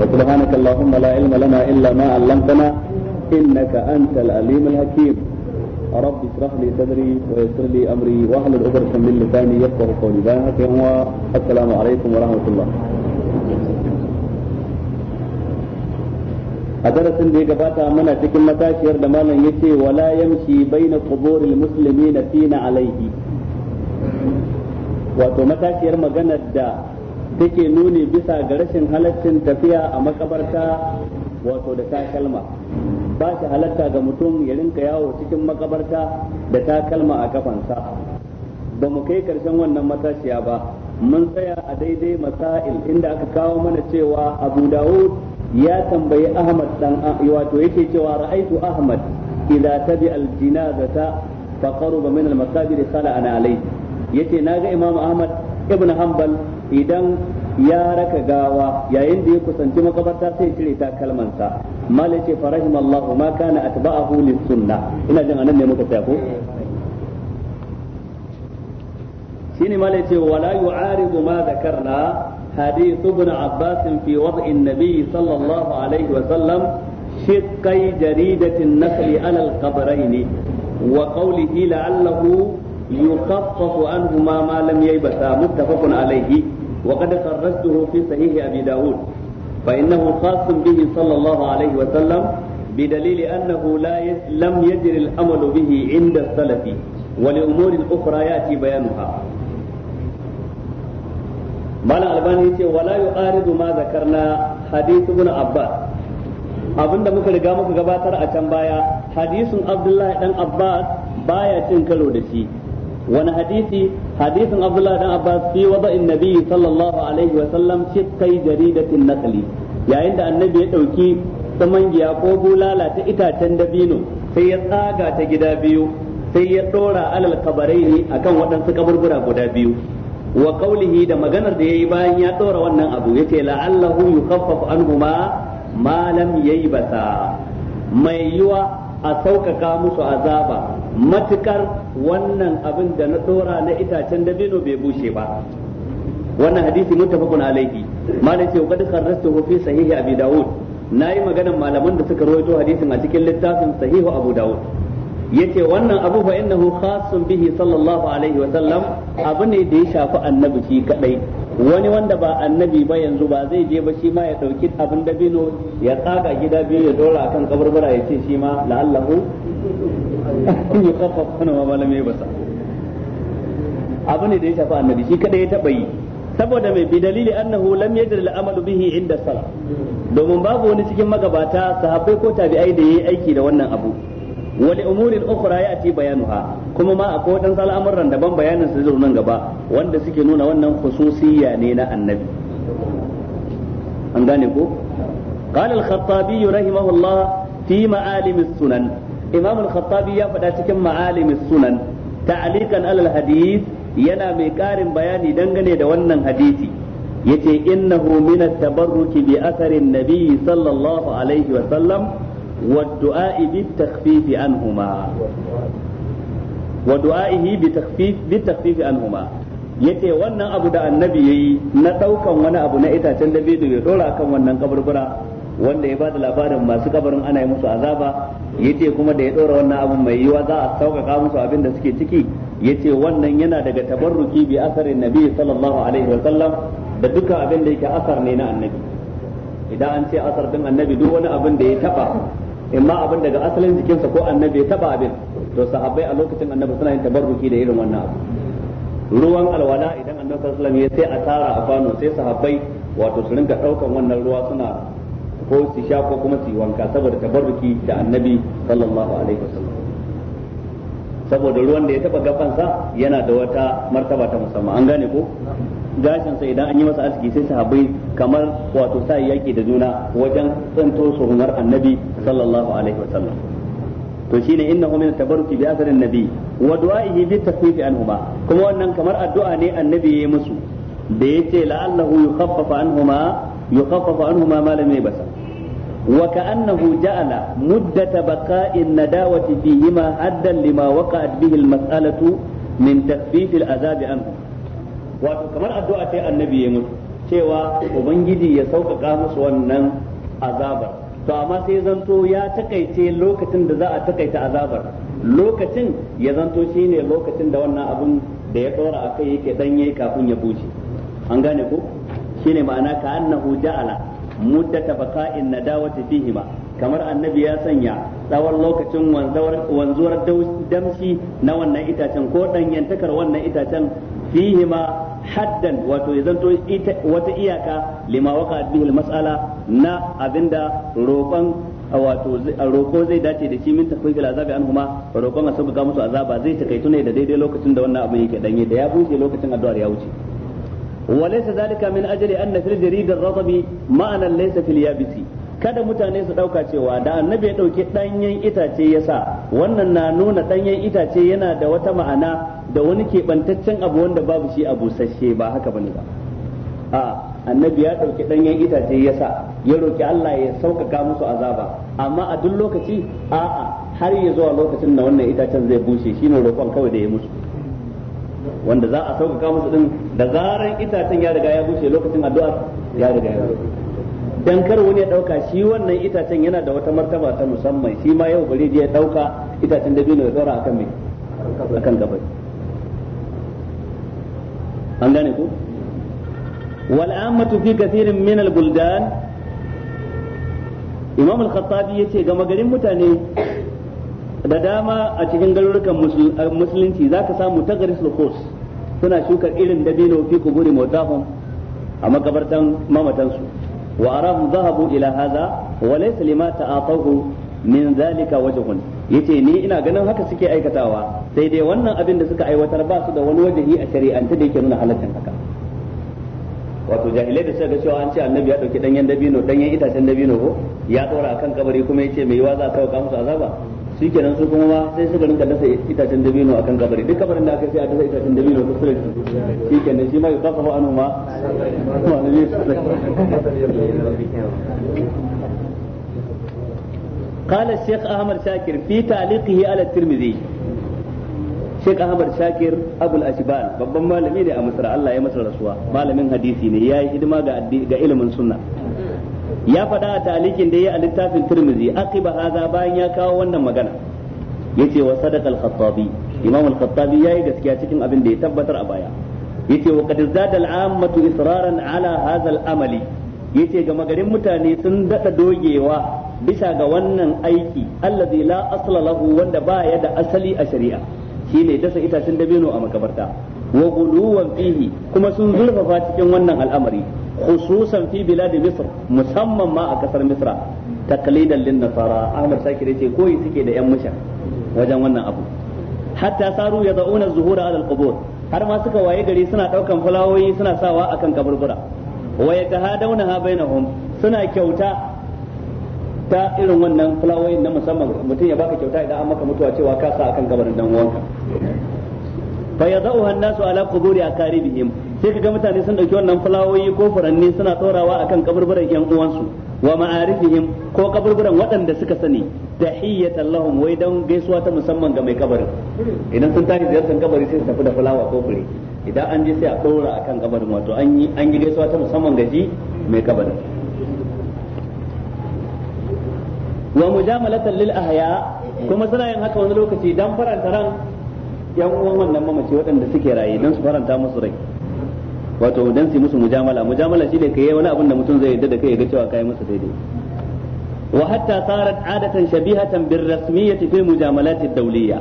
وسبحانك اللهم لا علم لنا إلا ما علمتنا إنك أنت العليم الحكيم رب اشرح لي صدري ويسر لي أمري واحلل عقدة من لساني يفقه قولي ذلك والسلام السلام عليكم ورحمة الله a darasin da ya gabata muna cikin matashiyar da malam ya ce wala yamshi baina quburil muslimin fina alaihi wato matashiyar maganar da take nuni bisa ga rashin halaccin tafiya a makabarta wato da takalma ba shi halatta ga mutum ya rinka yawo cikin makabarta da takalma a kafansa ba mu kai karshen wannan matashiya ba mun tsaya a daidai masail inda aka kawo mana cewa abu dawud ya tambayi ahmad dan wato yake cewa ra'aitu ahmad idza tabi al janazata fa qaruba min al masajid sala ana alai yace naga imam ahmad ibn hanbal idan ya raka gawa yayin da ya kusanci makabarta sai cire ta kalmansa malai ce farahim Allahu ma kana atba'ahu lis-sunna ina jin anan ne muka tsaya ko shine malai ce wala yu'aridu ma zakarna hadith ibn Abbas fi wad'i an-nabi sallallahu alaihi wa sallam shiqqai jaridati an-nakhli ala al wa la'allahu يخفف عنهما ما لم ييبسا متفق عليه وقد خرجته في صحيح أبي داود فإنه خاص به صلى الله عليه وسلم بدليل أنه لا ي... لم يجر الأمل به عند السلف ولأمور أخرى يأتي بيانها مال الباني ولا يعارض ما ذكرنا حديث ابن عباس abin da muka riga muka gabatar a can baya hadisin abdullahi dan abbas baya cin karo da shi wani hadisi حديث عبد الله بن عباس في وضع النبي صلى الله عليه وسلم شقي جريدة النخل يا عند النبي يدوكي تمنجيا ko bulala ta itacen dabino sai ya tsaga ta gida biyu sai ya dora alal kabarai akan waɗansu kaburbura guda biyu wa qaulihi da maganar da yayi bayan ya dora wannan abu yace la'allahu yukaffafu anhuma ma lam yaybasa mai yiwa a sauƙaƙa musu azaba matukar wannan abin da na ɗora na itacen dabino bai bushe ba wannan hadisi muttafaqun laifi. Malam ce qad kharrajahu fi sahihi abi daud nayi maganan malaman da suka rawaito hadisin a cikin littafin sahihu abu daud yace wannan abu fa innahu khasun bihi sallallahu alaihi wa sallam abu ne da ya shafi annabi shi kadai wani wanda ba annabi ba yanzu ba zai je ba shi ma ya dauki abin da bino ya tsaga gida biyu ya dora akan kaburbura ya ce shi ma la'allahu kafa kana ma malame basa abu ne da ya shafi annabi shi kadai ya taba yi saboda mai bi dalili annahu lam yajri al-amalu bihi inda sala domin babu wani cikin magabata sahabbai ko tabi'ai da yayi aiki da wannan abu wani umurin ukhra ya ce bayanuha kuma ma akwai waɗansu al'amuran daban bayanin su nan gaba wanda suke nuna wannan khususiyya ne na annabi an gane ko قال الخطابي رحمه الله في معالم السنن إمام الخطابي يا فدا معالم yana mai ƙarin bayani dangane da wannan hadisi yace innahu min at-tabarruki bi asarin nabiy sallallahu alaihi wa sallam والدعاء بالتخفيف عنهما ودعائه بتخفيف بالتخفيف عنهما yace wannan abu da annabi yayi na daukan wani abu na itacen da ya dora kan wannan kaburbura wanda ya ba da labarin masu kabarin ana yi musu azaba yace kuma da ya dora wannan abu mai yiwa za a sauƙaƙa musu abin da suke ciki yace wannan yana daga tabarruki bi asarin nabi sallallahu alaihi wa sallam da duka abin da yake asar ne na annabi idan an ce asar din annabi duk wani abin da ya taba imma abin daga asalin jikinsa ko annabi ya taba abin to sahabbai a lokacin annabi suna yin tabarruki da irin wannan abu ruwan alwala idan annabi sallallahu alaihi wasallam ya sai a tara a kwano sai sahabbai wato su rinka daukan wannan ruwa suna ko su sha ko kuma su wanka saboda tabarruki da annabi sallallahu alaihi wasallam saboda ruwan da ya taba gafansa yana da wata martaba ta musamman an gane ko gashin sa idan an yi masa aski sai sahabbai kamar wato sa yaki da juna wajen tsanto suhunar annabi sallallahu alaihi wasallam to shine innahu min tabarruki bi asarin nabi wa du'aihi bi takfifi anhuma kuma wannan kamar addu'a ne annabi yayi musu da yace la'allahu yukhaffafa anhuma yukhaffafa anhuma ma lam yabsa wa ka'annahu ja'ala muddata baqa'in nadawati fihima haddan lima waqa'at bihi al-mas'alatu min takfif al-azabi wato kamar addu'a ce annabi ya musu cewa ubangiji ya sauƙaƙa musu wannan azabar to amma sai zanto ya takaice lokacin da za a takaita azabar lokacin ya zanto shine lokacin da wannan abun da ya ɗora a kai yake danye kafin ya bushe an gane ko shine ma'ana ka annahu ja'ala muddata dawa nadawati ba kamar annabi ya sanya tsawon lokacin wanzuwar damshi na wannan itacen ko ɗanyantakar wannan itacen fihima haddan wato ya wata iyaka lima waka bihi almas'ala na abinda roƙon wato roƙo zai dace da shi min tafwidil azabi anhuma roƙon a sabuka musu azaba zai takaitu ne da daidai lokacin da wannan abin yake danye da ya bushe lokacin addu'ar ya wuce walaysa zalika min ajli an fil jarid ar radbi ma'ana laysa fil yabisi kada mutane su dauka cewa da annabi ya ɗauki danyen itace yasa wannan na nuna danyen itace yana da wata ma'ana da wani keɓantaccen abu wanda babu shi a busasshe ba haka bane ba a annabi ya ɗauki ɗanyen itace ya sa ya roƙi Allah ya sauƙaƙa musu azaba amma a duk lokaci a'a har ya zuwa lokacin da wannan itacen zai bushe shine roƙon kawai da ya musu wanda za a sauƙaƙa musu din da zaran itacen ya riga ya bushe lokacin addu'a ya riga ya dan kar wani ya dauka shi wannan itacen yana da wata martaba ta musamman shi ma yau bari je ya dauka itacen dabino ya tsora akan me akan kabari an gane ko wal fi kathirin min al buldan imam al khattabi yace ga magarin mutane da dama a cikin garurukan musulunci zaka samu tagaris lukhus suna shukar irin dabino fi kuburi mutahum a makabartan mamatansu wa arahum zahabu ila hadha wa laysa lima ta'atahu min zalika wajhun yace ni ina ganin haka suke aikatawa sai dai wannan abin da suka aiwatar ba su da wani wajahi a shari'anta da yake nuna halaccin haka wato jahilai da suka ga cewa an ce annabi ya dauki danyen dabino danyen itacen dabino ko ya dora akan kabari kuma yace mai yiwa za a sauka musu azaba shikenan su kuma ma sai suka rinka dasa itacen dabino akan kabari duk kabarin da aka sai a dasa itacen dabino ko sura shikenan shi ma yuqafahu anuma ma قال الشيخ أحمد شاكر في تعليقه على الترمذي Sheikh Ahmad Shakir Abul Ashban babban malami ne a Masar Allah ya masa rasuwa malamin hadisi ne ya yi hidima ga ga ilimin sunna ya fada a talikin da ya a littafin Tirmidhi aqiba hadha bayan ya kawo wannan magana yace wa sadaqa al-Khattabi Imam al-Khattabi yayi gaskiya cikin abin da ya tabbatar a baya yace wa qad zada al-ammatu israran ala hadha al-amali yace ga magarin mutane sun dada dogewa bisa ga wannan aiki allazi la asla lahu wanda ba ya da asali a shari'a shine dasa itacen dabino a makabarta wa guluwan fihi kuma sun zurfafa cikin wannan al'amari khususan fi bilad misr musamman ma a kasar misra taqlidan lin nasara ahmad Sakire ce koyi suke da yan musha wajen wannan abu hatta saru ya zauna zuhura ala alqubur har ma suka waye gari suna daukan fulawoyi suna sawa akan kaburbura wa yatahadawna bainahum suna kyauta ta irin wannan fulawoyin na musamman mutum ya baka kyauta idan an maka mutuwa cewa ka sa akan kabarin dan uwanka fa yadauha an-nasu ala quburi aqaribihim sai kaga mutane sun dauki wannan fulawoyi ko furanni suna tsorawa akan kaburburan yan uwansu wa ma'arifihim ko kaburburan waɗanda suka sani tahiyatan lahum wai dan gaisuwa ta musamman ga mai kabarin idan sun tashi ziyartar kabari sai su tafi da fulawa ko fure idan an je sai a dora akan kabarin wato an yi an yi gaisuwa ta musamman ga ji mai kabarin wa mujamalatan lil ahya kuma suna yin haka wani lokaci dan faranta ran yan uwan wannan mamaci waɗanda suke raye dan su faranta musu rai wato dan su musu mujamala mujamala shine kai wani abin da mutum zai yarda da kai ya ga cewa kai musu daidai wa hatta sarat adatan shabihatan bir rasmiyyati fil mujamalat ad-dawliyya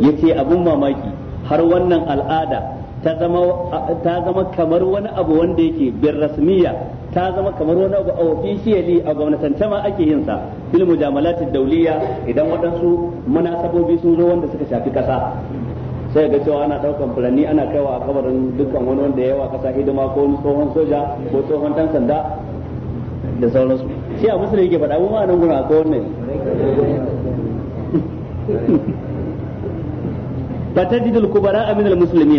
yace abun mamaki har wannan al'ada ta zama kamar wani abu wanda yake bin rasmiya ta zama kamar wani abu a officially a gwamnatance ma ake yin sa bil mujamalati dawliya idan waɗansu munasabobi sun zo wanda suka shafi kasa sai ga cewa ana daukan fulani ana kaiwa a kabarin dukkan wani wanda yawa kasa hidima ko tsohon soja ko tsohon dan sanda da sauransu shi a musulmi yake faɗa mu ma nan gurin ko wannan fatajidul kubara min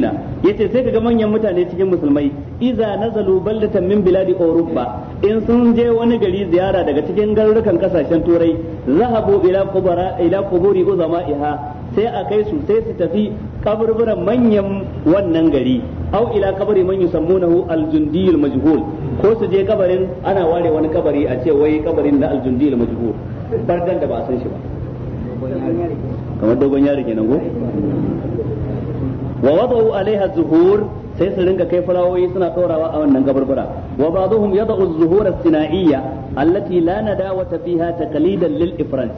na yace sai kaga manyan mutane cikin musulmai iza nazalu baldatan min biladi europa in sun je wani gari ziyara daga cikin garurukan kasashen turai zahabu ila kubara ila kuburi uzama'iha sai a kai su sai su tafi kaburburan manyan wannan gari au ila kabari man yusammunahu aljundiyul majhul ko su je kabarin ana ware wani kabari a ce wai kabarin na aljundiyul majhul bardan da ba a san shi ba kamar dogon yari kenan ko. wa wadau alaiha zuhur sai su ringa kai fulawoyi suna ɗorawa a wannan gabarbura wa ba'dhum yad'u zuhur as-sinaiya allati la nadawata fiha taqlidan lil ifrans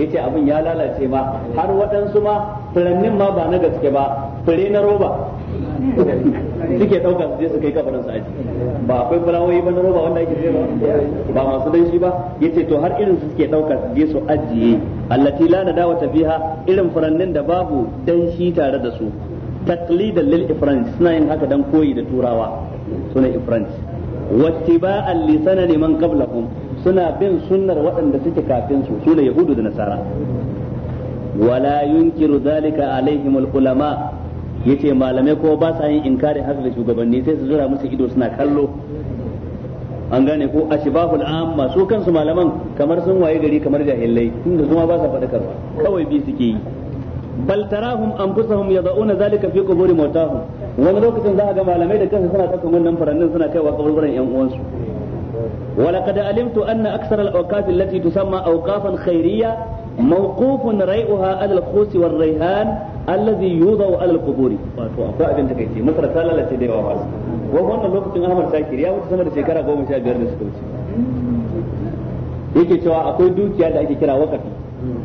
yace abin ya lalace ma har waɗansu ma furannin ma ba na gaske ba fure na roba suke ɗauka su je su kai kabarin aji ba akwai fulawoyi ba na roba wanda ake zai ba masu shi ba Ya ce to har irin su suke ɗauka su je su ajiye allati la nadawata tafiha irin furannin da babu danshi tare da su taklidan lil ifrans suna yin haka dan koyi da turawa suna Wacce wattiba'an li sanani man qablahum suna bin sunnar waɗanda suke kafin su su ne yahudu da nasara wala yunkiru zalika alaihimul ulama yace malamai ko ba sa yin inkarin haka da shugabanni sai su zura musu ido suna kallo an gane ko ashbahul amma su kansu malaman kamar sun waye gari kamar jahilai tunda zuma ba sa fadakarwa kawai bi suke yi bal tarahum anfusahum yad'una zalika fi quburi mautahum wani lokacin za a ga malamai da kansu suna saka wannan farannin suna kaiwa kaburburan yan uwansu ولقد علمت أن أكثر الأوقاف التي تسمى أوقافا خيرية موقوف ريئها على الخوص والريهان allazi yudau alal quburi wato akwai abin da kake masara ta lalace da yawa ba ko wannan lokacin Ahmad Shakir ya wuce sama da shekara 15 da suka wuce yake cewa akwai dukiya da ake kira wakafi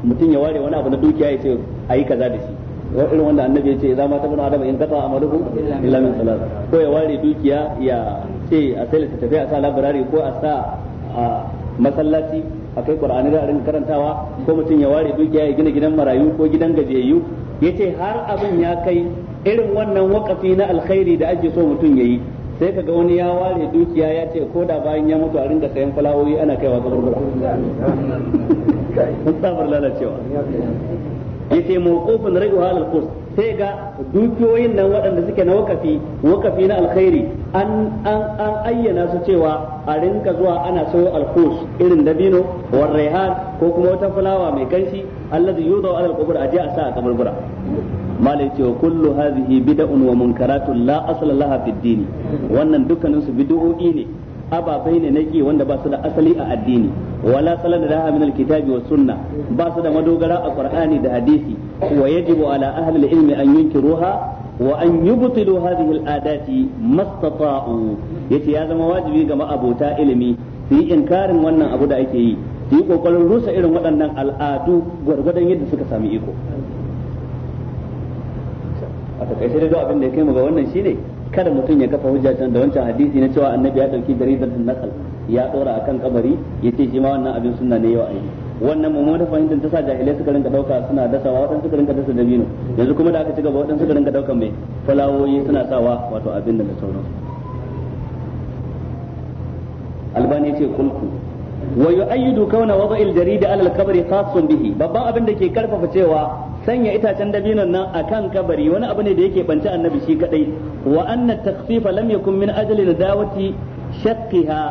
mutum ya ware wani abu na dukiya ya ce ayi kaza da shi irin wanda annabi ya ce za ma ta bin adam in kasa amaluhu illa min salat ko ya ware dukiya ya ce a sai ta tafi a sa labarari ko a sa a masallaci akai qur'ani da rin karantawa ko mutum ya ware dukiya ya gina gidan marayu ko gidan gajiyayyu yace har abin ya kai irin wannan wakafi na alkhairi da ake so mutum yayi sai kaga wani ya ware dukiya ya ce ko da bayan ya mutu a ringa sayan fulawoyi ana kaiwa kaburbura tsabar lalacewa yace mawqufun rajul halal qurs sai ga dukiyoyin nan waɗanda suke na wakafi wakafi na alkhairi an an ayyana su cewa a rinka zuwa ana sayo alkhus irin dabino war raihan ko kuma wata fulawa mai kanshi allazi yudaw ala alqubur aje a sa a kaburbura malai cewa kullu hadhihi bid'un wa munkaratun la asla laha fid din wannan dukkanin su bid'o'i ne ababai ne naki wanda ba su da asali a addini wala salada da min alkitabi wa sunna ba su da madogara a qur'ani da hadisi wa yajibu ala ahli ilimi an yunkiruha wa an yubtilu hadhihi al'adati mastata'u yace ya zama wajibi ga ma'abota ilimi su yi inkarin wannan abu da ake yi su yi kokarin rusa irin waɗannan al'adu gwargwadon yadda suka sami iko a takaice da abin da ya kai mu ga wannan shine kada mutum ya kafa hujja can da wancan hadisi na cewa annabi ya dauki jaridar nakal ya dora akan kabari yace shi ma wannan abin sunna ne yau ai wannan mummunan fahimtar ta sa jahilai suka rinka dauka suna dasawa waɗansu suka rinka dasa dabino yanzu kuma da aka ci gaba waɗansu suka rinka dauka mai fulawoyi suna sawa wato abin da da sauran albani ce kulku wa yu'ayyidu kauna wada' al-jarid ala al-qabri khassun bihi babban abin da ke karfafa cewa sanya itacen dabinon nan akan kabari wani abu ne da yake banci annabi shi kadai wa anna takhfifa lam yakun min ajli dawati shaqqiha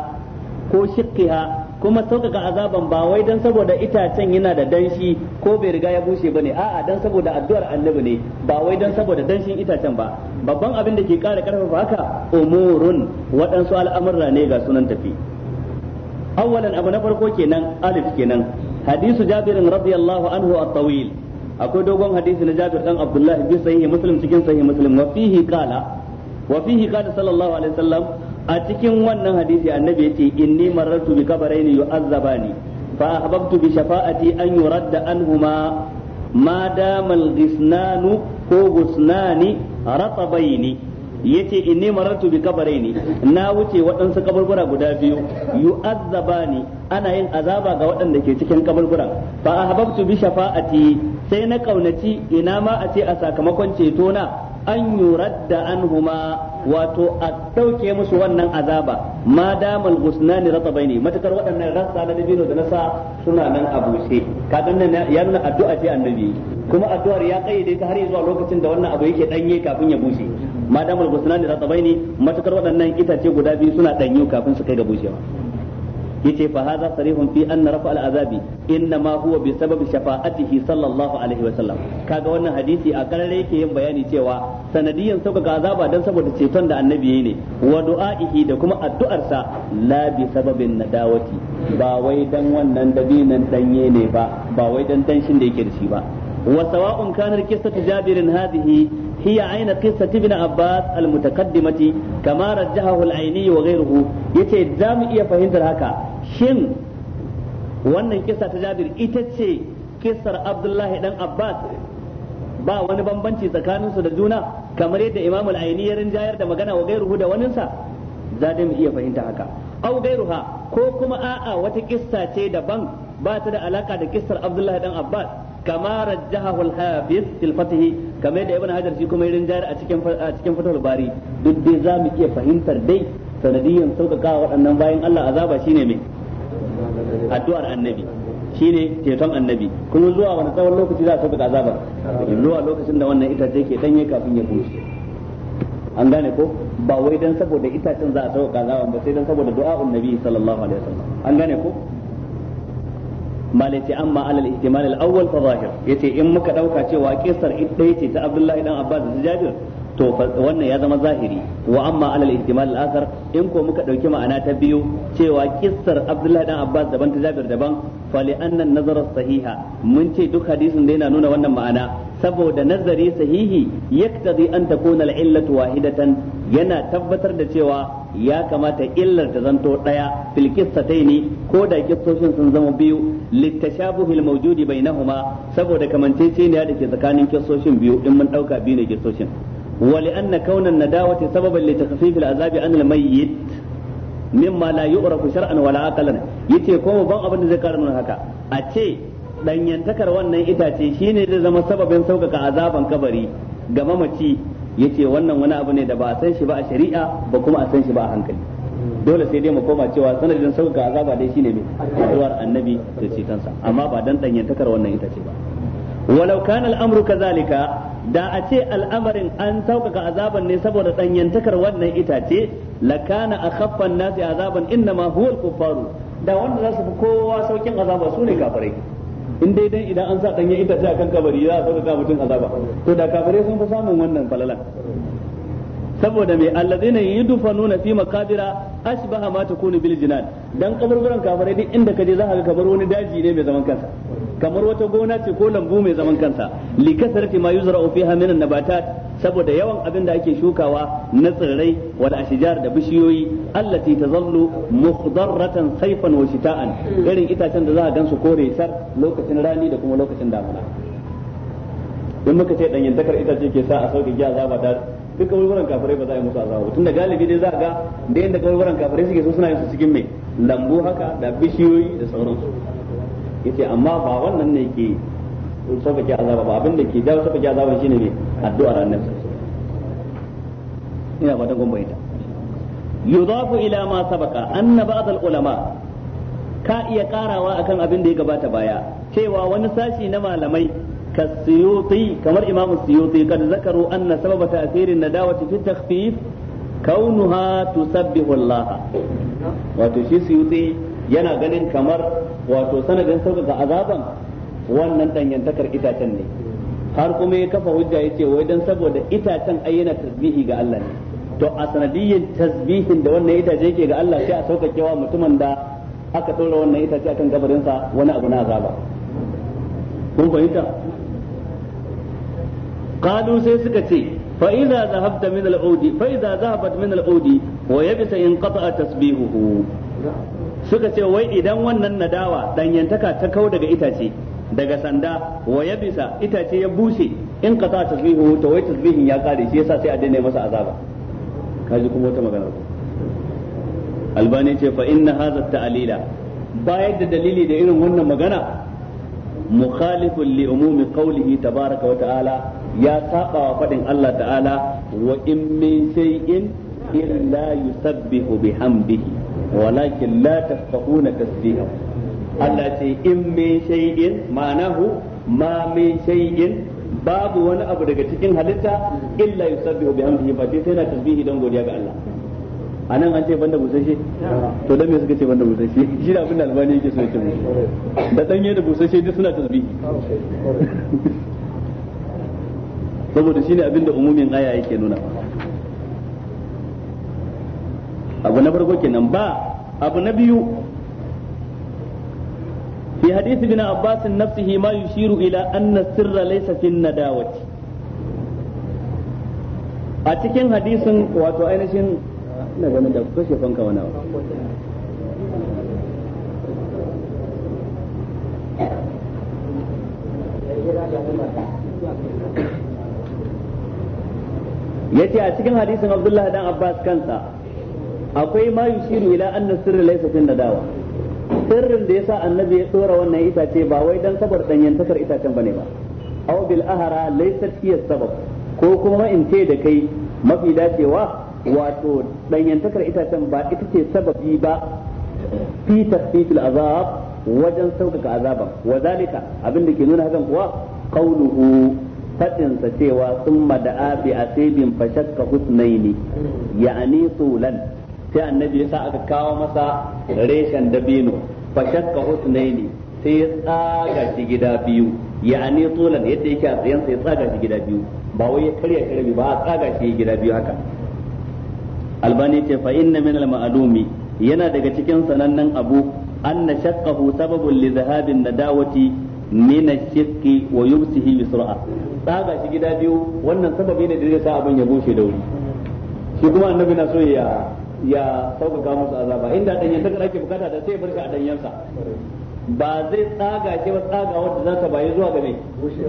ko shaqqiha kuma sauƙaƙa azaban ba wai dan saboda itacen yana da danshi ko bai riga ya bushe bane a'a dan saboda addu'ar annabi ne ba wai dan saboda danshin itacen ba babban abin da ke ƙara ƙarfafa haka umurun waɗansu al'amurra ne ga sunan tafi awwalan abu na farko kenan alif kenan hadisu jabir radiyallahu anhu at-tawil akwai dogon hadisi na jabir dan abdullahi bi sahihi muslim cikin sahihi muslim wa fihi sallallahu alaihi wasallam a cikin wannan hadisi annabi ce inni marartu bi kabarayni yu'azzabani fa ahbabtu bi shafa'ati an yuradda anhuma ma dama al-ghisnanu ko gusnani ratabaini yace inni marartu bi kabarai na wuce waɗansu kaburbura guda biyu yu'azzabani ana yin azaba ga waɗanda ke cikin kaburbura fa ahbabtu bi shafa'ati sai na kaunaci ina ma a ce a sakamakon ceto na an yuradda anhuma wato a ɗauke musu wannan azaba ma damal gusnani ratabaini ne matakar waɗannan rassa na dabino da nasa suna nan a bushe kadan nan ya nuna addu'a ce annabi kuma addu'ar ya kayyade ta har zuwa lokacin da wannan abu yake danye kafin ya bushe ma damar gusnan da ratabai ne matukar waɗannan itace guda biyu suna danyo kafin su kai ga bushewa yace fa hadha sarihun fi anna rafa al azabi inna ma huwa bi sababi shafa'atihi sallallahu alaihi wa sallam kaga wannan hadisi a karare yake yin bayani cewa sanadiyan ga azaba dan saboda ceton da annabi yayi ne wa du'a'ihi da kuma addu'arsa la bi sababin nadawati ba wai dan wannan dabinan danye ne ba ba wai dan danshin da yake da shi ba sawa'un kanar قصة jabirin hadhihi هي عين قصة ابن عباس المتقدمة كما رجحه العيني وغيره يتي الزام إيا فهمت الهكا شن wannan kisa ta jabir ita ce kisar abdullahi dan abbas ba wani bambanci tsakaninsu da juna kamar yadda imamu al-aini ya rinjayar da magana wa gairuhu da waninsa za mu iya fahimta haka au gairuha ko kuma a'a wata kissa ce daban ba ta da alaka da kissar Abdullahi dan Abbas kama rajjahahu al-Hafiz fil Fath kamar da Ibn Hajar shi kuma irin jar a cikin a cikin fatul Bari duk dai za mu iya fahimtar dai sanadiyan sauƙaƙa waɗannan bayan Allah azaba shine me. addu'ar annabi shine ceton annabi kuma zuwa wani tsawon lokaci za a sauƙaƙa azabar zuwa lokacin da wannan itace ke danye kafin ya bushe an gane ko ba wai dan saboda itacen za a sauka zawan ba sai dan saboda du'a annabi sallallahu alaihi wasallam an gane ko malai amma alal ihtimal al awwal fa zahir ce in muka ɗauka cewa kisar ɗaya ce ta Abdullahi dan Abbas da Jabir to wannan ya zama zahiri wa amma alal ihtimal al-akhar in ko muka dauki ma'ana ta biyu cewa kissar Abdullah dan Abbas daban ta Jabir daban fa li anna nazara sahiha mun ce duk hadisin da yana nuna wannan ma'ana saboda nazari sahihi yaktadi an takuna al-illatu wahidatan yana tabbatar da cewa ya kamata illar ta zanto daya fil qissataini ko da kissoshin sun zama biyu littashabuhi al-mawjudi bainahuma saboda kamanceceniya da ke tsakanin kissoshin biyu in mun dauka biyu ne kissoshin ولأن كون النداوة سببا لتخفيف العذاب عن الميت مما لا يعرف شرعا ولا عقلا yace ko ban abin da zai kara nuna haka a ce danyantakar wannan itace shine zai zama sababin sauƙaƙa azaban kabari ga mamaci ce wannan wani abu ne da ba a san shi ba a shari'a ba kuma a san shi ba a hankali dole sai dai mu koma cewa sanadin sauƙaƙa azaba dai shine mai ruwar annabi da kansa. amma ba dan ɗanyantakar wannan itace ba walau kana al'amru kazalika da a ce al'amarin an sauƙaƙa azaban ne saboda ɗanyantakar wannan itace lakana a khaffan nasi azaban inna ma huwa kuffaru da wanda za su fi kowa saukin azaba su ne kafirai in dai dan idan an sa ɗanyen itace akan kabari za a sauƙaƙa mutum azaba to da kafirai sun fi samun wannan falalan saboda mai allazina yudfanuna fi makabira ashbaha ma takunu bil jinan dan kaburburan kafirai duk inda kaje za ka ga kabar wani daji ne mai zaman kansa kamar wata gona ce ko lambu mai zaman kansa li kasarati ma yuzra'u fiha min nabatat saboda yawan abin da ake shukawa na tsirrai wal ashjar da bishiyoyi allati tazallu mukhdarratan sayfan wa shita'an irin itacen da za a gansu kore sar lokacin rani da kuma lokacin damuna in muka ce danyen takar itace ke sa a sauke giya azaba da duk kawai kafirai ba za a yi musu azaba ba tunda galibi dai za a ga da yanda kawai kafirai suke so suna yin su cikin mai lambu haka da bishiyoyi da sauransu yace amma ba wannan ne ke ke azaba ba abin da ke jawo ke azaba shine ne addu'ar annabi ina fatan kun bayyana yudafu ila ma sabaka anna ba'd al ulama ka iya karawa akan abin da ya gabata baya cewa wani sashi na malamai kasiyuti kamar imam siyuti kad zakaru anna sababa ta'thirin nadawati fi takhfif kaunuha tusabbihu Allah wato shi yana ganin kamar wato sanadin sauƙaƙa azaban wannan ɗanyantakar itacen ne har kuma ya kafa hujja ce wai don saboda itacen ai yana tasbihi ga Allah ne to a sanadiyyar tasbihin da wannan itace yake ga Allah sai a sauƙaƙe wa mutumin da aka ɗora wannan itace akan gabarinsa wani abu na azaba kun fahimta قالوا sai suka ce فإذا ذهبت من العود فإذا ذهبت من العود ويبس انقطع تسبيحه suka ce wai idan wannan nadawa danyantaka ta kawo daga itace daga sanda wa ya bisa itace ya bushe in ka sa tasbihu to wai tasbihin ya kare shi yasa sai a daina masa azaba kaji kuma wata magana albani ce fa inna hadha ta'lila bayar da dalili da irin wannan magana mukhalifun li umumi qawlihi tabaraka wa ta'ala ya saba wa fadin Allah ta'ala wa in min shay'in illa yusabbihu bihamdihi walakin la tafqahuna tasbihahu Allah ce in min shay'in ma'anahu ma min shay'in babu wani abu daga cikin halitta illa yusabbihu bihamdihi fa sai na tasbihi dan godiya ga Allah anan an ce banda busashe to dan me suka ce banda busashe shi da abin albani yake so ya da dan yayin da busasshe duk suna tasbihi saboda shine abin da umumin aya yake nuna abu na farko kenan ba abu na biyu fi hadisi bin abbas nafsihi ma yushiru ila anna sirra laysa fi nadawati a cikin hadisin wato ainihin ina ganin da kashe fanka wani abu yace a cikin hadisin abdullahi dan abbas kansa akwai ma yushiru ila anna sirri laysa fin nadawa sirrin da yasa annabi ya tsora wannan itace ba wai dan sabar danyantakar itacen bane ba aw bil ahara laysa hiya sabab ko kuma in ce da kai mafi dacewa wato danyantakar itacen ba ita ce sababi ba fi al azab wajen sauƙaƙa azaban wa zalika abin da ke nuna hakan kuwa qauluhu fadinsa cewa summa da'a bi asibin fashakka husnaini ya'ani tulan sai annabi ya sa aka kawo masa reshen dabino fa shakka husnaini sai ya tsaga shi gida biyu ya'ani tulan yadda yake a sai ya tsaga shi gida biyu ba wai ya karya karbi ba a tsaga shi gida biyu haka albani ce fa inna min al-ma'lumi yana daga cikin sanannen abu anna shaqqahu sababun li dhahabin nadawati min ash-shiqqi wa yubsihi bi sur'a tsaga shi gida biyu wannan sababi ne da zai sa abin ya bushe da wuri shi kuma annabi na so ya ya sauƙaƙa musu azaba inda danyen takar ake bukata da sai barka a danyensa ba zai tsaga ke ba tsaga wanda za ta bayi zuwa ga mai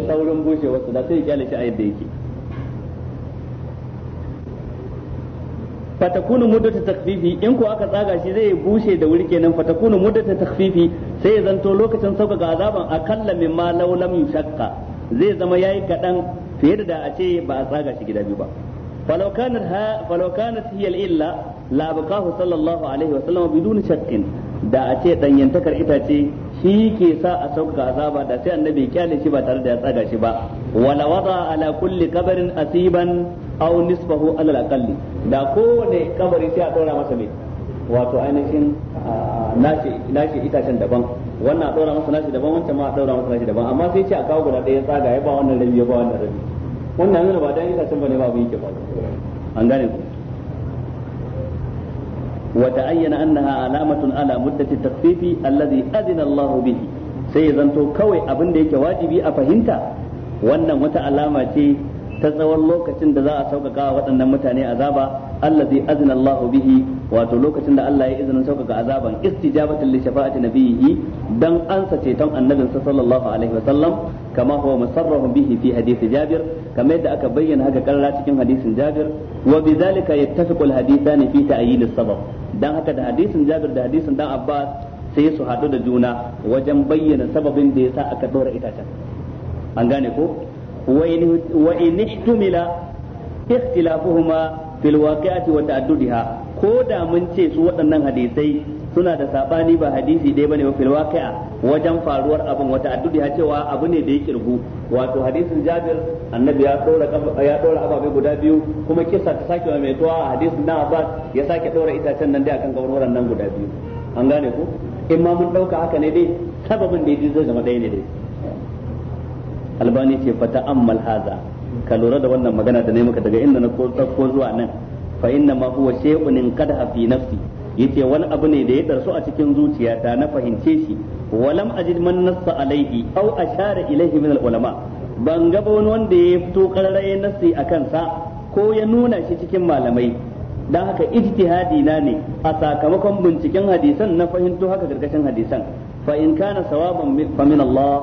saurin wasu da sai ya kyale shi a yadda yake fatakunu muddatu takfifi in ko aka tsaga shi zai bushe da wuri kenan fatakunu muddatu takfifi sai ya zanto lokacin sauƙaƙa azaban akalla min ma law lam zai zama yayi kadan fiye da a ce ba a tsaga shi gida biyu ba falau kanat falau hiya illa la baqahu sallallahu alaihi wa sallam bidun shakkin da a ce danyantakar itace shi ke sa a sauka azaba da sai annabi kyale shi ba tare da ya tsaga shi ba wala wada ala kulli qabrin asiban aw nisbahu ala alaqalli da kowane kabari sai a dora masa ne wato ainihin nashi nashi itacen daban wannan a dora masa nashi daban wancan ma a dora masa nashi daban amma sai ce a kawo guda ɗaya tsaga ya ba wannan rabi ya ba wannan rabi wannan yana ba dan itacen bane ba abin yake ba an gane ku Wata ayyana علامة على مدة التخفيف الذي أذن الله bihi sai ya zanto kawai abin da yake wajibi a fahimta wannan wata alama ce ta tsawon lokacin da za a wa waɗannan mutane azaba allazi azna Allahu bihi wato lokacin da Allah ya izinin sauƙaƙa azaban istijabatan li shafa'ati nabiyhi dan ansa ceton annabinsa sallallahu alaihi wa sallam kama huwa musarrahun bihi fi hadisi jabir kama yadda aka bayyana haka karra cikin hadisin jabir wa bidhalika yattafiqu alhadithani fita ayi as-sabab dan haka da hadisin jabir da hadisin dan abbas sai su hadu da juna wajen bayyana sababin da yasa aka dora itacen an gane ko wa in ihtumila ikhtilafuhuma fil waqi'ati wa ta'addudiha ko da mun ce su waɗannan hadisai suna da saɓani ba hadisi ɗaya bane fil waqi'a wajen faruwar abin wata addudi ya cewa abu ne da ya kirgu wato hadisin Jabir annabi ya dora ya dora ababe guda biyu kuma kisa ta sake mai tuwa hadisin na Abbas ya sake dora itacen nan dai akan gauraran nan guda biyu an gane ku. in ma mun dauka haka ne dai sababin da yaji zai zama ɗaya ne dai albani ce fata ammal haza ka lura da wannan magana da ne maka daga inda na ko zuwa nan fa inna ma huwa shay'un in qadaha fi nafsi yace wani abu ne da ya darsu a cikin zuciyata na fahimce shi walam ajid man nassa alaihi aw ashara ilayhi min ulama ban ga wani wanda ya fito kararraye nassi akan sa ko ya nuna shi cikin malamai dan haka ijtihadi na ne a sakamakon binciken hadisan na fahimto haka gargashin hadisan fa in kana sawaban fa min Allah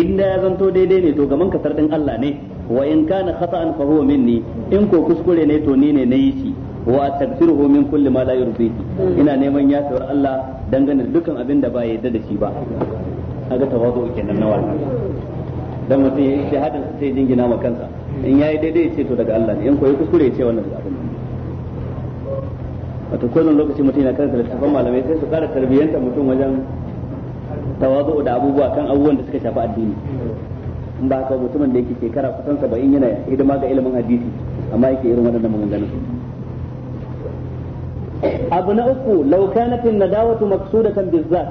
inda ya zanto daidai ne to gaman kasar din Allah ne wa in kana khata'an fa huwa minni in ko kuskure ne to ni ne nayi shi wa tagfiruhu min kulli ma la yurdihi ina neman yafiyar Allah dangane da dukkan abin da ba ya yarda da shi ba kaga tawadu kenan na wannan dan mutum yayi shahada sai jingina nama kansa in yayi daidai ce to daga Allah in ko kuskure ce wannan daga Allah wato kullun lokaci mutum yana karanta littafin malamai sai su kara tarbiyyanta mutum wajen tawadu da abubuwa kan abubuwan da suka shafi addini in ba haka mutumin da yake shekara kusan saba'in yana hidima ga ilimin hadisi amma yake irin waɗannan maganganun abu na uku na kanat an-nadawatu kan bizzat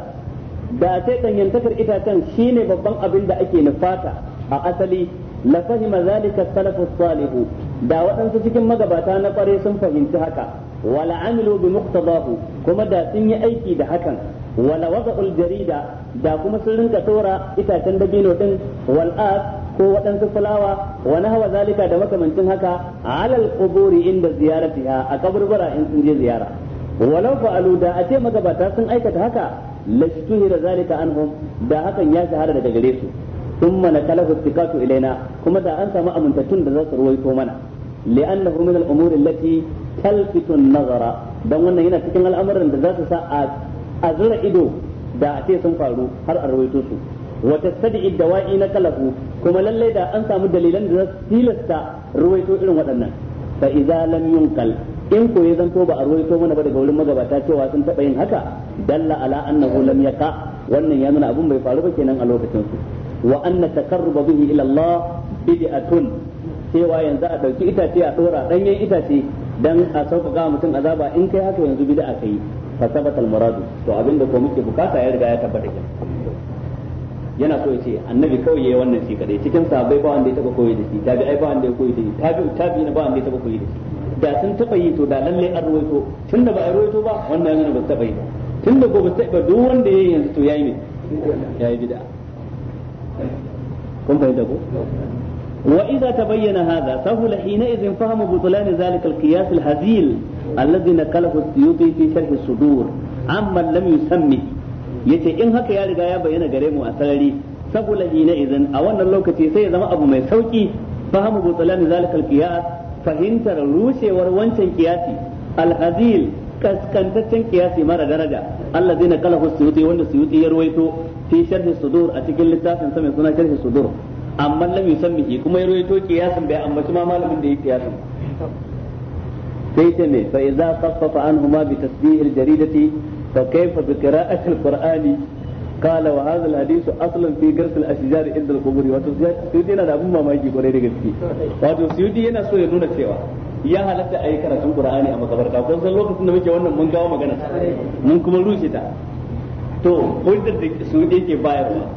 da sai danyantakar itacen shine babban abin da ake nufata a asali la fahima zalika salafus salihu da waɗansu cikin magabata na kware sun fahimci haka wala amilu bi muqtadahu kuma da sun yi aiki da hakan wala wada'ul jarida da kuma sun rinka tora itacen dabino din wal ko waɗansu fulawa wa nahwa zalika da makamancin haka alal quburi inda ziyaratiha a kaburbura in sun je ziyara walau fa'alu da a ce magabata sun aikata haka da zalika anhum da hakan ya shahara daga gare su thumma nakalahu tikatu ilaina kuma da an samu amintattun da za su ruwaito mana li'annahu min al-umuri allati talfitu an-nazara dan wannan yana cikin al'amuran da za su sa a a zura ido da a ce sun faru har a rawaito su sadi idda dawa'i na kalafu kuma lallai da an samu dalilan da za su tilasta rawaito irin waɗannan fa idza lam yunkal in ko ya zanto ba a rawaito mana ba daga wurin magabata cewa sun taɓa yin haka dalla ala annahu lam yaqa wannan ya nuna abun bai faru ba kenan a lokacin su wa anna takarruba bihi ila Allah bid'atun cewa yanzu a dauki itace a dora danyen itace dan a sauƙaƙa mutum azaba in kai haka yanzu bid'a kai fa sabata al muradu to abinda ko muke bukata ya riga ya tabbata kin yana so yace annabi kawai yayi wannan shi kadai cikin sabai ba wanda ya taba koyi da shi tabi ai ba wanda ya koyi da shi tabi tabi ne ba wanda ya taba koyi da shi da sun taba yi to da lalle an ruwaito tunda ba a ruwaito ba wannan yana ba taba yi tunda ko ba taba duk wanda yayi yanzu to yayi ne yayi bid'a kun fahimta ko وإذا تبين هذا hina idhin fahama butlan zalika alqiyas alhazil allazi nakalahu suyuti fi sharh sudur amma lam yusammi yace in haka ya riga ya bayyana gare mu a sarari saboda ina idan a wannan lokaci sai ya zama abu mai sauki fahimu butalan zalikal qiyas fahimtar rushewar wancan qiyasi alhazil kaskantaccen qiyasi mara daraja allazi nakalahu suyuti wanda suyuti ya ruwaito fi sharh sudur a cikin littafin sa mai suna sharh sudur amma lam yusammi kuma ya ruwaito kiyasin bai ambaci ma malamin da ya qiyasin sai ta mai fa idza khaffafa anhuma bi tasbih al-jaridati fa kayfa bi qira'ati قال وهذا الحديث في عند yana da abun mamaki da gaske wato yana so ya nuna cewa ya halatta a karatun qur'ani a makabarta san lokacin da muke to hujjar da yake bayarwa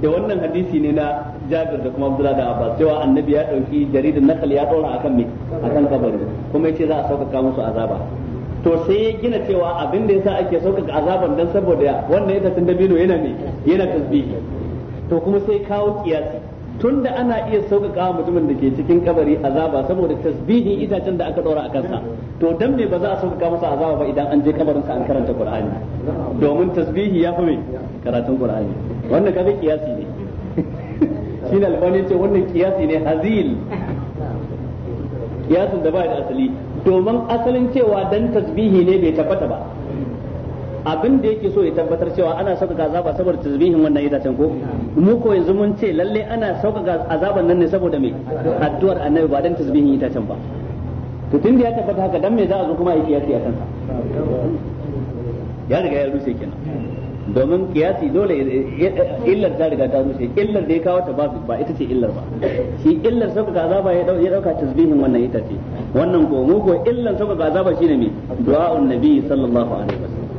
da wannan hadisi ne na Jabir da kuma Abdullah da Abbas cewa annabi ya dauki jaridar nakal ya dora akan me akan kabari kuma yace za a sauƙaƙa musu azaba to sai ya gina cewa abin da yasa ake sauƙaƙa azaban dan saboda wannan ita tun dabino yana me yana tasbihi to kuma sai kawo kiyasi tunda ana iya sauƙaƙa mutumin da ke cikin kabari azaba saboda tasbihi itacen da aka ɗora a kansa to dan me ba za a sauƙaƙa masa azaba ba idan an je kabarin sa an karanta Qur'ani domin tasbihi ya fi me karatun Qur'ani wannan kaga kiyasi ne shi ne albani ce wannan kiyasi ne hazil kiyasin da ba da asali domin asalin cewa dan tasbihi ne bai tabbata ba abin da yake so ya tabbatar cewa ana sauƙaƙa azaba saboda tasbihin wannan itacen ko mu ko yanzu mun ce lalle ana sauƙaƙa azaban nan ne saboda me addu'ar annabi ba dan tasbihin itacen ba to tun da ya tabbata haka dan me za a zo kuma a yi kiyasi a kansa ya riga ya rushe kenan domin kiyasi dole illar ta riga ta rushe illar da ya kawo ta babu ba ita ce illar ba shi illar sauka ga azaba ya dauka tasbihin wannan ita ce wannan ko mu ko illar sauka ga azaba shine me du'a'un nabi sallallahu alaihi wasallam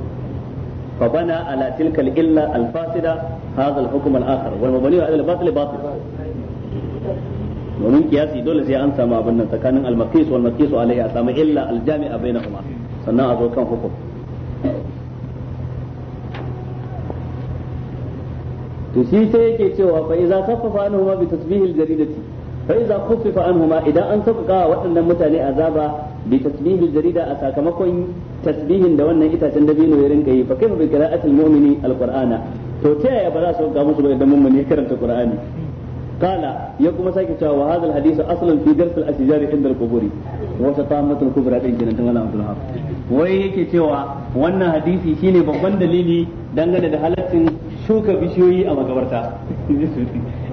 fa bana ala tilka illa al fasida hadha al hukm al akhar wal mabni ala al batil batil domin kiyasi dole sai an samu abin nan tsakanin al maqis wal maqis alaihi a samu illa al jami'a bainahuma sannan a zo kan hukum to shi sai yake cewa fa idza khaffafa anhuma bi tasbihil jaridati fa idza khuffifa anhuma idan an sauƙaƙa waɗannan mutane azaba bi tasbihil jarida a sakamakon tasbihin da wannan itacen dabino ya rinka yi fa kaifa bi qira'atil mu'mini alqur'ana to ta yaya ba za su ga musu ba idan mun ne karanta qur'ani kala ya kuma sake cewa wa hadal hadisu aslan fi darsil asjari inda al-quburi wa satamatul kubra din kenan tun Allah Abdul wai yake cewa wannan hadisi shine babban dalili dangane da halaccin shuka bishiyoyi a makabarta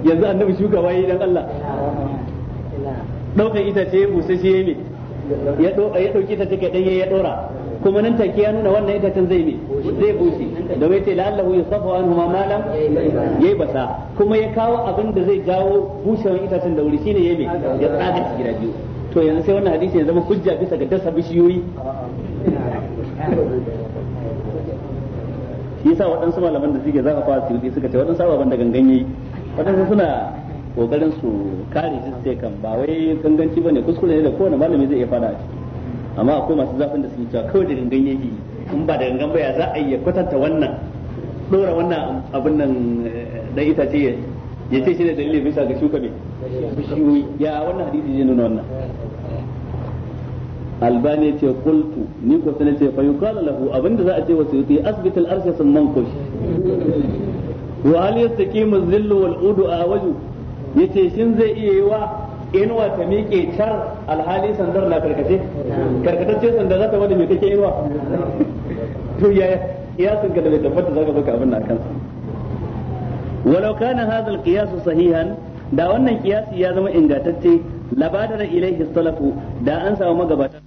yanzu annabi shuka waye dan Allah daukan itace busasshe ne ya ya dauki itace kai danye ya dora kuma nan take ya nuna wannan itacen zai ne zai bushe da wai ce la'allahu yusafu anhu ma malam yayi basa kuma ya kawo abin da zai jawo bushewar itacen da wuri shine yayi ya tsaga gida biyu to yanzu sai wannan hadisi ya zama hujja bisa ga dasa bishiyoyi shi yasa waɗansu malaman da suke zaka fara tilbi suka ce waɗansu ababen da gangan yayi waɗansu suna kokarin su kare shi sai kan ba wai ganganci bane kuskure ne da kowane malami zai iya fada shi amma akwai masu zafin da suke cewa kawai da gangan yake in ba da gangan ba ya za a iya kwatanta wannan dora wannan abin nan da eh, itace ya ce shi da dalilin bisa ga shuka ne ya wannan hadisi ne nuna wannan albani ce qultu ni ko sai ce fa yuqala lahu abinda za a ce wa suyuti asbit al-arsh summan kush wa al yastaqim al zill wal udu a waju yace shin zai iya yi wa wa ta miƙe car alhali sandar na karkace karkatacce sandar za ta wani mai yi wa to ya ya sun ga da tabbata zaka baka abin na kansa walau kana hadha al-qiyas sahihan da wannan kiyasi ya zama ingantacce labadar ilaihi salafu da an samu magabata